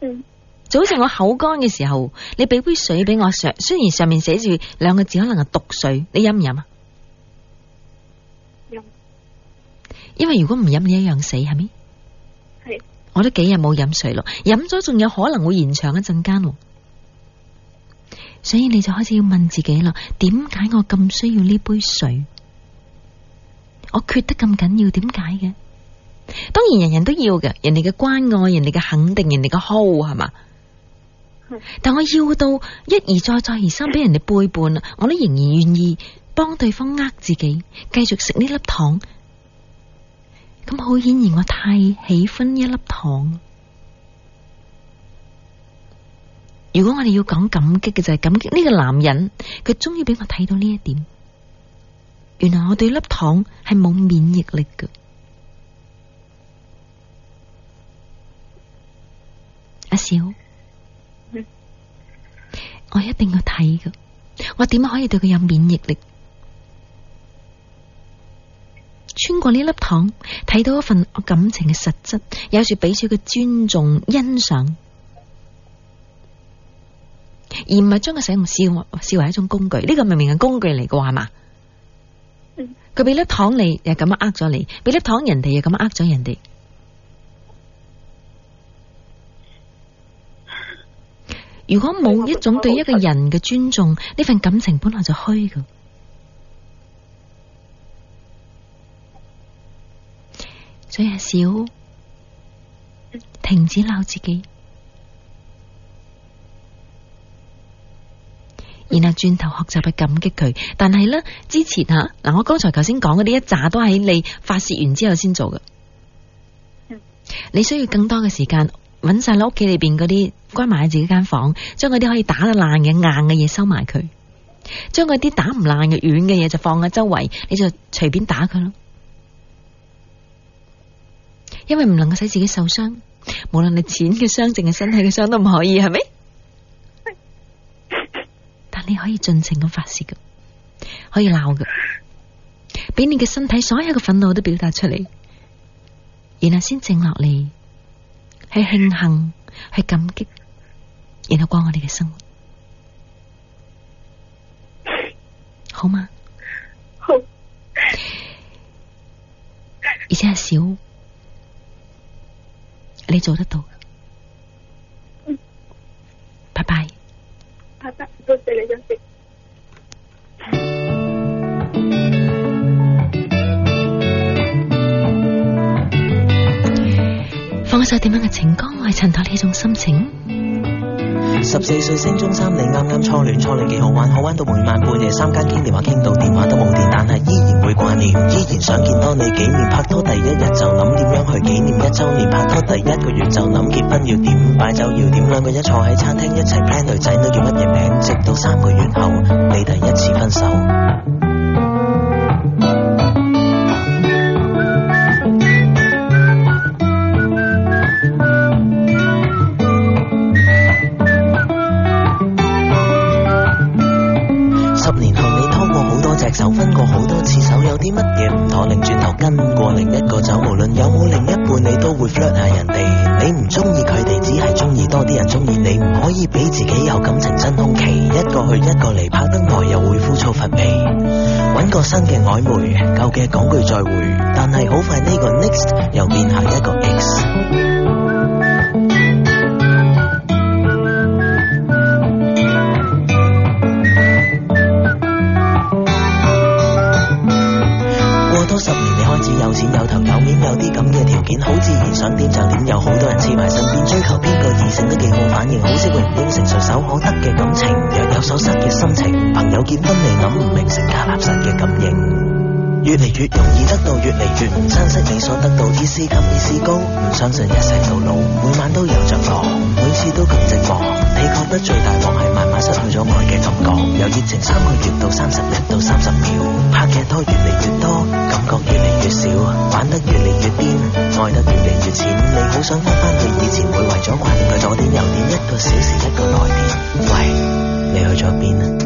嗯，就好似我口乾嘅時候，你俾杯水俾我上，雖然上面寫住兩個字可能係毒水，你飲唔飲啊？嗯，因為如果唔飲你一樣死，係咪？係是。我都幾日冇飲水咯，飲咗仲有可能會延長一陣間，所以你就開始要問自己啦，點解我咁需要呢杯水？我缺得咁緊要，點解嘅？當然人人都要嘅，人哋嘅關愛，人哋嘅肯定，人哋嘅好係嘛？ 但我要到一而再再而三俾人哋背叛，我都仍然願意幫對方呃自己，繼續食呢粒糖。咁好顯然我太喜歡呢粒糖。如果我哋要講感激嘅就係、是、感激呢個男人，佢終於俾我睇到呢一點。原來我對粒糖係冇免疫力嘅。阿小，我一定要睇噶。我點樣可以對佢有免疫力？穿過呢粒糖，睇到一份感情嘅實質，有時俾佢嘅尊重、欣賞，而唔係將佢使用視為一種工具。呢、這個明明係工具嚟嘅話，嘛？佢俾粒糖你又咁樣呃咗你，俾粒糖人哋又咁樣呃咗人哋。如果冇一種對一個人嘅尊重，呢份感情本來就虛噶，所以係少停止鬧自己，然後轉頭學習去感激佢。但係呢，之前啊，嗱，我剛才頭先講嘅呢一扎都喺你發洩完之後先做嘅，你需要更多嘅時間。搵晒喺屋企裏邊嗰啲，關埋自己間房，將嗰啲可以打得爛嘅硬嘅嘢收埋佢，將嗰啲打唔爛嘅軟嘅嘢就放喺周圍，你就隨便打佢咯。因為唔能夠使自己受傷，無論你淺嘅傷，淨係身體嘅傷都唔可以，係咪？ 但你可以盡情咁發泄噶，可以鬧噶，俾你嘅身體所有嘅憤怒都表達出嚟，然後先靜落嚟。係慶幸，係感激，然後過我哋嘅生活，好嗎？好，而且係小，你做得到，嗯、拜拜。拜拜，多謝，謝你，多謝。點樣嘅情歌可以襯托呢種心情？十四歲升中三，你啱啱初戀，初戀幾好玩，好玩到每晚半夜三更傾電話，傾到電話都冇電，但係依然會掛念，依然想見。多你幾年。拍拖第一日，就諗點樣去紀念；一周年拍拖第一個月就諗結婚要點，擺酒要點，兩個人坐喺餐廳一齊 plan 女仔都要乜嘢名，直到三個月後你第一次分手。曖昧，舊嘅講句再會，但係好快呢個 next 又變下一個 ex。過多十年，你開始有錢有頭有面，有啲咁嘅條件，好自然想點就點，有好多人黐埋身邊，追求邊個異性都幾好反應，好適應變成隨手可得嘅感情，若有所失嘅心情，朋友見多。越嚟越容易得到越越，越嚟越唔珍惜你所得到，意思及意思高，唔相信一世到老，每晚都有着落，每次都咁寂寞。你覺得最大鑊係慢慢失去咗愛嘅感覺，由熱情三個月到三十日到三十秒，拍嘅拖越嚟越多，感覺越嚟越少，玩得越嚟越癲，愛得越嚟越淺。你好想翻返去以前，會為咗掛念佢左點右點，一個小時一個來電，喂，你去咗邊啊？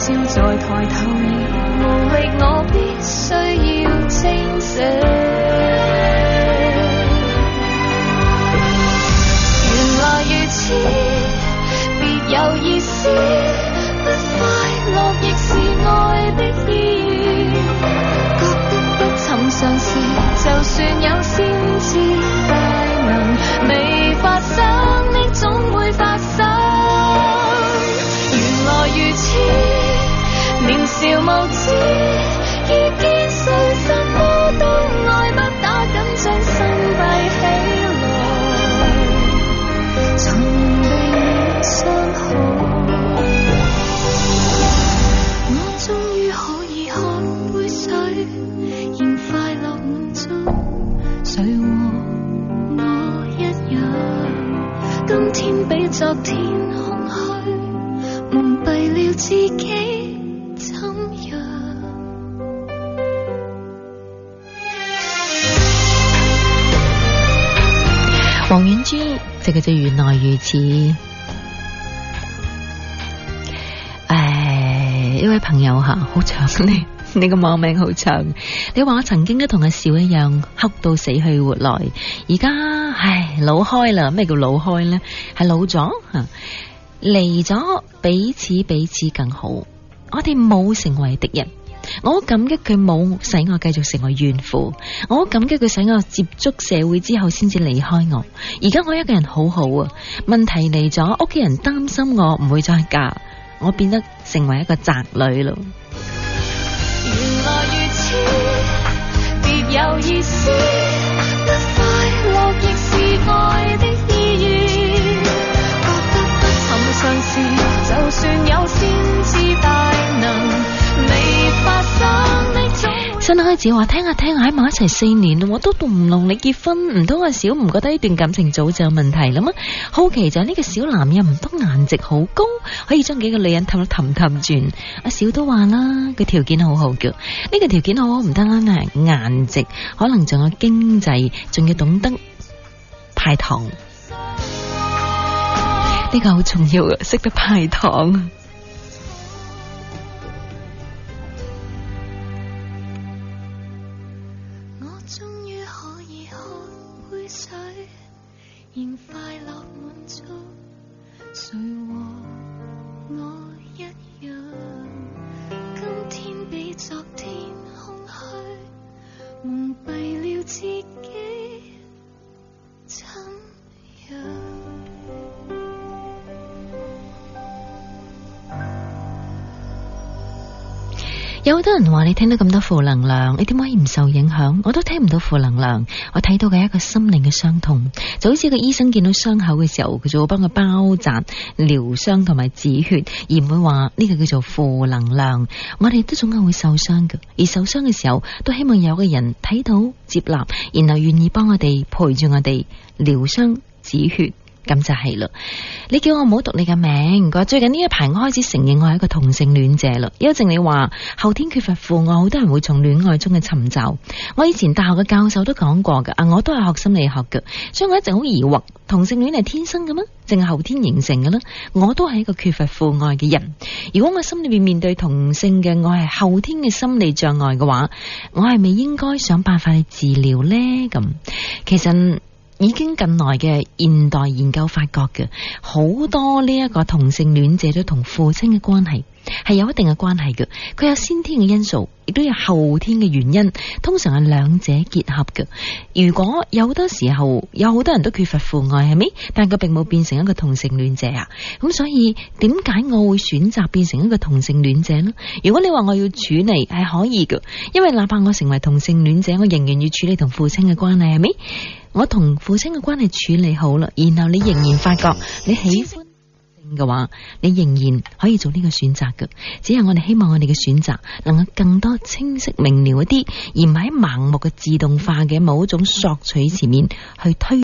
笑在抬頭而無力，我必須要清醒。原來如此，別有意思，不快樂亦是愛的意義。覺得不尋常時，就算有事。笑無知，已見誰，什麼都愛，不打緊，將心閉起來，從未受傷害。 我終於可以喝杯水，仍快樂滿足，誰和我，我一樣？今天比昨天空虛，蒙蔽了自己。即係叫做原來如此。誒，一位朋友吓，好長你，你個網名好長。你話我曾經都同阿笑一樣，哭到死去活來。而家唉老開啦，咩叫老開呢？係老咗吓，嚟咗彼，彼此彼此更好。我哋冇成為敵人。我好感激佢冇使我繼續成為怨婦，我好感激佢使我接觸社會之後先至離開我。而家我一個人好好啊，問題嚟咗，屋企人擔心我唔會再嫁，我變得成為一個宅女咯。原來如此，別有意思，不快樂亦是愛的意願，覺得不曾嘗試，就算有先知。新開始話聽下聽下喺埋一齊四年，我都動唔動你結婚？唔通阿小唔覺得呢段感情早就有問題啦咩？好奇就係、是、呢、這個小男人唔通顏值好高，可以將幾個女人氹到氹氹轉？阿小都話啦，佢條件,、這個、件好好嘅，呢個條件好好，唔單單係顏值，可能仲有經濟，仲要懂得派糖，呢 個好重要嘅，識得派糖。有好多人話你聽到咁多負能量，你點可以唔受影響？我都聽唔到負能量，我睇到嘅一個心靈嘅傷痛，就好似個醫生見到傷口嘅時候，佢就會幫佢包紮、療傷同埋止血，而唔會話呢個叫做負能量。我哋都總係會受傷嘅，而受傷嘅時候，都希望有個人睇到接納，然後願意幫我哋陪住我哋療傷止血。咁就係咯，你叫我唔好讀你嘅名。佢話最近呢一排我開始承認我係一個同性戀者咯。正如你話後天缺乏父愛，好多人會從戀愛中嘅尋找。我以前大學嘅教授都講過㗎，啊，我都係學心理學嘅，所以我一直好疑惑，同性戀係天生嘅嗎？淨係後天形成嘅咧？我都係一個缺乏父愛嘅人。如果我心裏面面對同性嘅愛係後天嘅心理障礙嘅話，我係咪應該想辦法去治療呢？咁其實。已經近來嘅現代研究發覺嘅好多呢一個同性戀者都同父親嘅關係。係有一定嘅關係嘅，佢有先天嘅因素，亦都有後天嘅原因，通常係兩者結合嘅。如果有好多時候，有好多人都缺乏父愛，係咪？但佢並冇變成一個同性戀者啊。咁，嗯，所以點解我會選擇變成一個同性戀者呢？如果你話我要處理，係可以嘅，因為哪怕我成為同性戀者，我仍然要處理同父親嘅關係，係咪？我同父親嘅關係處理好啦，然後你仍然發覺你喜歡嘅話，你仍然可以做呢個選擇嘅。只係我哋希望我哋嘅選擇能夠更多清晰明了一啲，而唔係盲目嘅自動化嘅某一種索取前面去推。